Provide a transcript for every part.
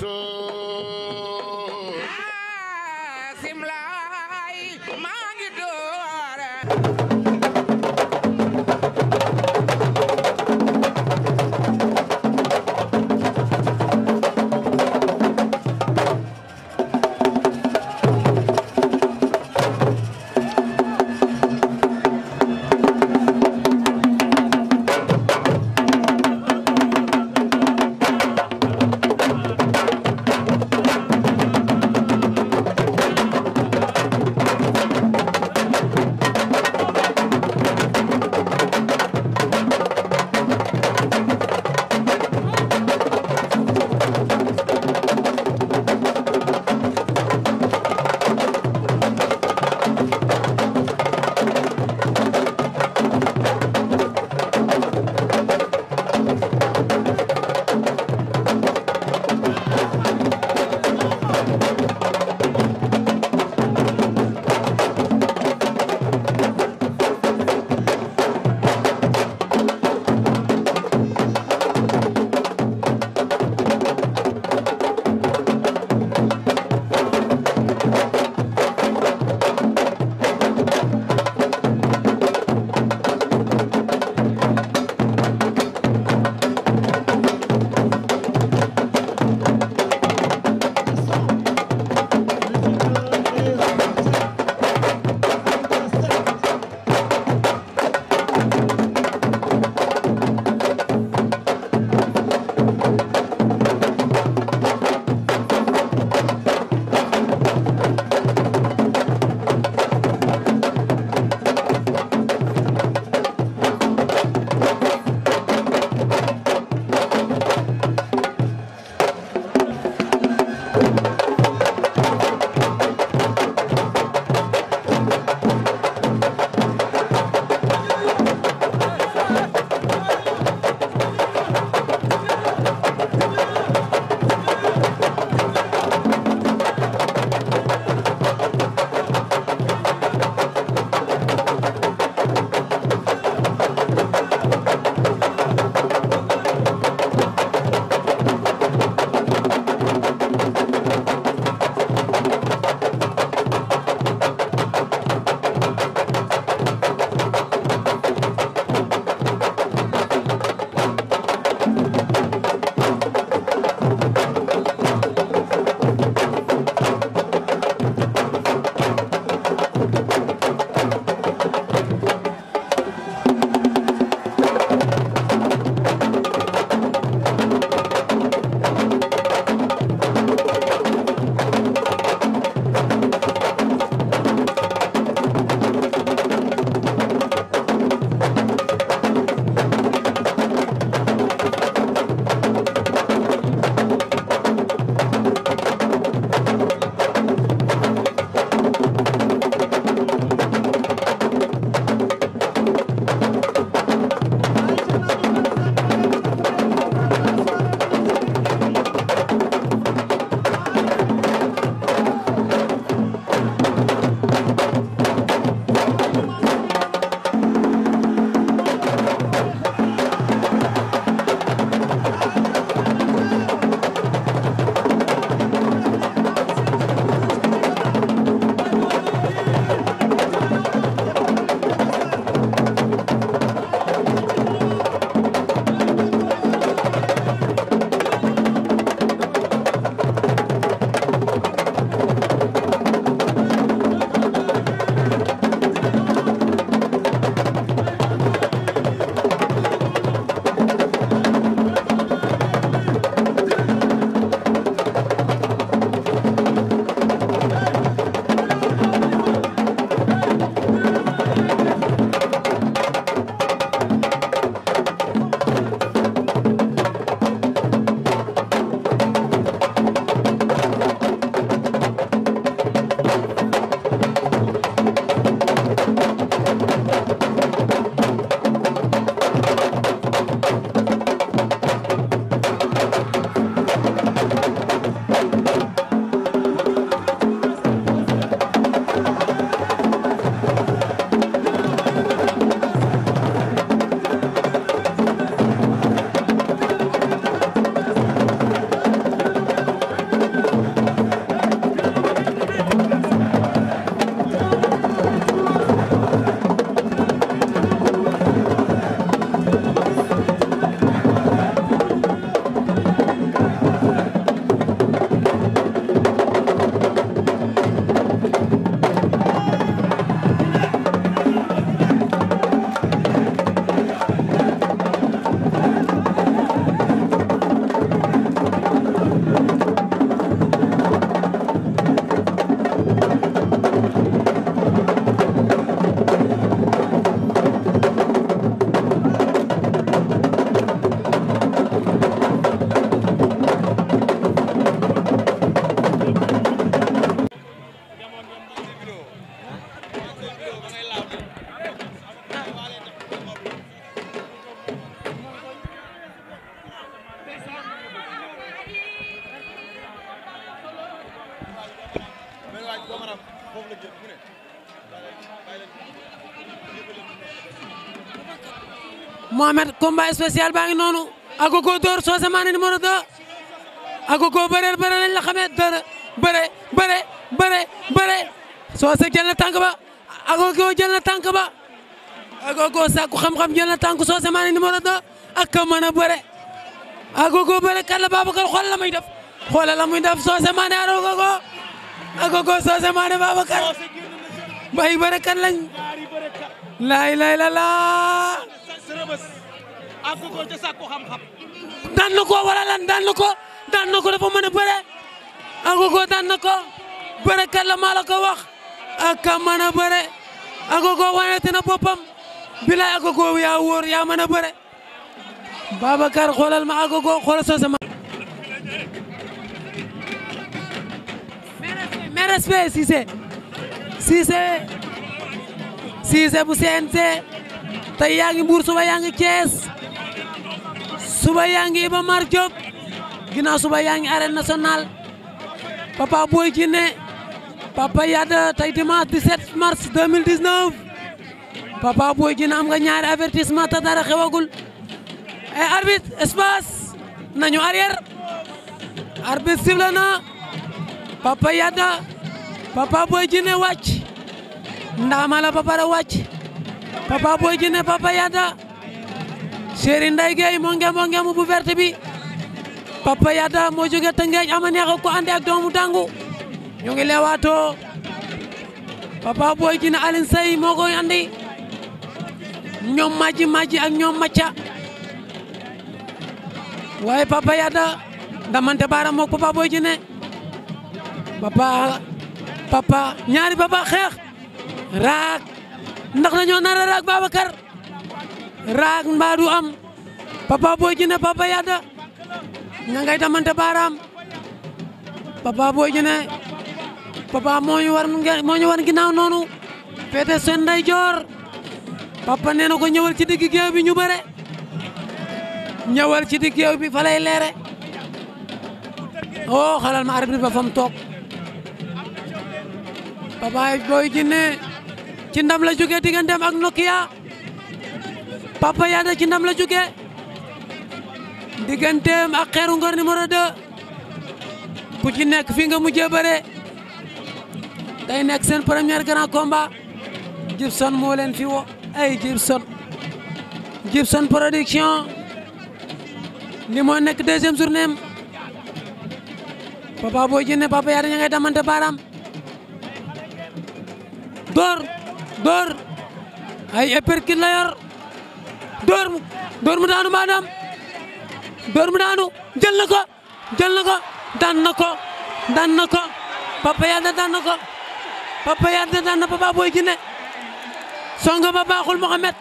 to Mohamed combat spécial baa ngi noonu Agogo door Socé Mané numéro 2 Agogo bëreel bëreel lañ la xamee dara bëre bëre bëre bëre Socé jël na tànk ba Agogo jël na tànk ba Agogo sàkku xam-xam jël na tànk Socé Mané numéro 2 ak ka mën a bëre Agogo bëre kat la Babacar xool la muy def xoolal la muy def Socé Mané Agogo Agogo Socé bay bëre kat lañ laay laay la laa Rebeuss ko ca sàkku xam ko wala ko daan na ko bëre àgg ko ko bëre kat maa la ko wax ak ka mën bëre àgg ko wanete na boppam bilaay àgg yaa wóor yaa mën a bëre Babacar xoolal ma àgg ko xoolal soo sama. mais respect Cissé Cissé Cissé bu tey yaa ngi Mbuur suba yaa ngi Thiès suba yaa ngi Iba Mar Diop ginnaaw suba yaa ngi arène nationale Papa Boy Djiné Papa Yade tey dimanche 17 mars 2019 Papa Boy Djiné am nga ñaari avertissement te dara xewagul e arbitre espace nañu arrière arbitre sifflé na Papa Yade Papa Boy Djiné wàcc ndaama ba pare wàcc Papa Boy Djiné Papa Yada Serigne Ndeye Gueye moo bu verte bi Papa moo jóge Tëngéej ama neex ko ande ak doomu dangu ñu ngi leewaato Papa Boy Djiné Alioune Seye moo koy andi ñoom maji maji ak ñoom macca waaye Papa Yada damante baara moog Papa Boy Djiné ñaari papa xeex raak ndax dañoo nar a raag raag mbaa am papa booy jine papa yadda ña ngay damante baaraam papa booy jine papa moo ñu war moo ñu ginnaaw noonu féete seen ndeyjoor papa nee na ko ñëwal ci digg géew bi ñu bëre ñëwal ci digg géew bi fa lay leere oh xalal ma arbitre ba fam toog papa booy jine ci la jógee digganteem ak Nokia Papa Yada ci ndam la jógee digganteem ak Xeeru Ngor numéro 2 ku ci nekk fii nga mujjee bëre day nekk seen premier grand combat Jibson moo leen fi wo ay Jibson Jibson production li moo nekk deuxième journée am Papa Boy Djiné Papa Yada ña damante baaraam door door ay éperkin la yor door door mu daanu maanaam door mu daanu jël na ko jël na ko daan na ko daan na ko Papa Yade daan na ko Papa Yade daan na Papa Boy Djiné songo ba baaxul Mohamed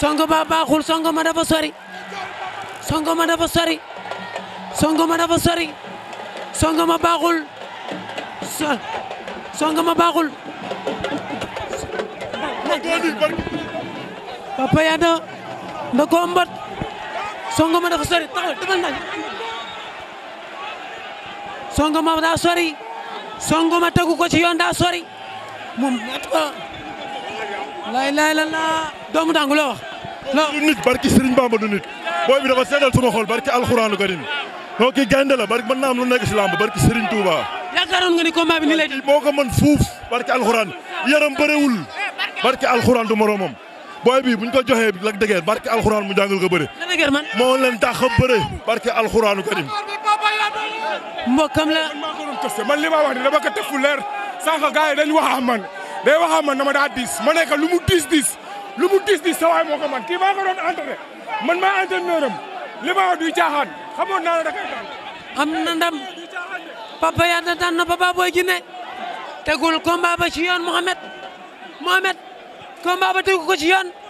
songo ba baaxul songo ma dafa sori songo ma dafa sori songo ma dafa sori songo ma baaxul songo ma baaxul Papa Yada da koo mbat songoma dafa sori taxawal defal naa songoma daa sori songoma tegu ko ci yoon daa sori moom at ko lay lay la la doomu dangu loo wax loo du nit barki Sëriñ Bamba du nit booy bi dafa seedal suma barki alxuraanu karim noo kii gaynde la barki mën naa am lu nekk si lamb barki Sëriñ Touba nga ni combat bi ni lay moo ko mën fuuf barki alxuraan yaram bërewul barke alxuraan du moromam booy bii bu ñu ko joxee barke alxuraan mu jàngal ko bëre. moo leen tax a bëre barke alxuraanu karim. mbokkam la. man maa man li ma wax ni dama ko teg fu leer sànq gars yi dañu wax man day wax ak man dama daa diis ma nekk lu mu diis diis lu mu diis diis sa waay moo ko man kii maa ko doon entraîné man maa entraîneur am li ma wax du caaxaan xamoon naa ne da koy daan. am na ndam Papa Yada daan na Papa Boy Djiné tegul combat ba ci yoon combat ba tegu ko ci yoon.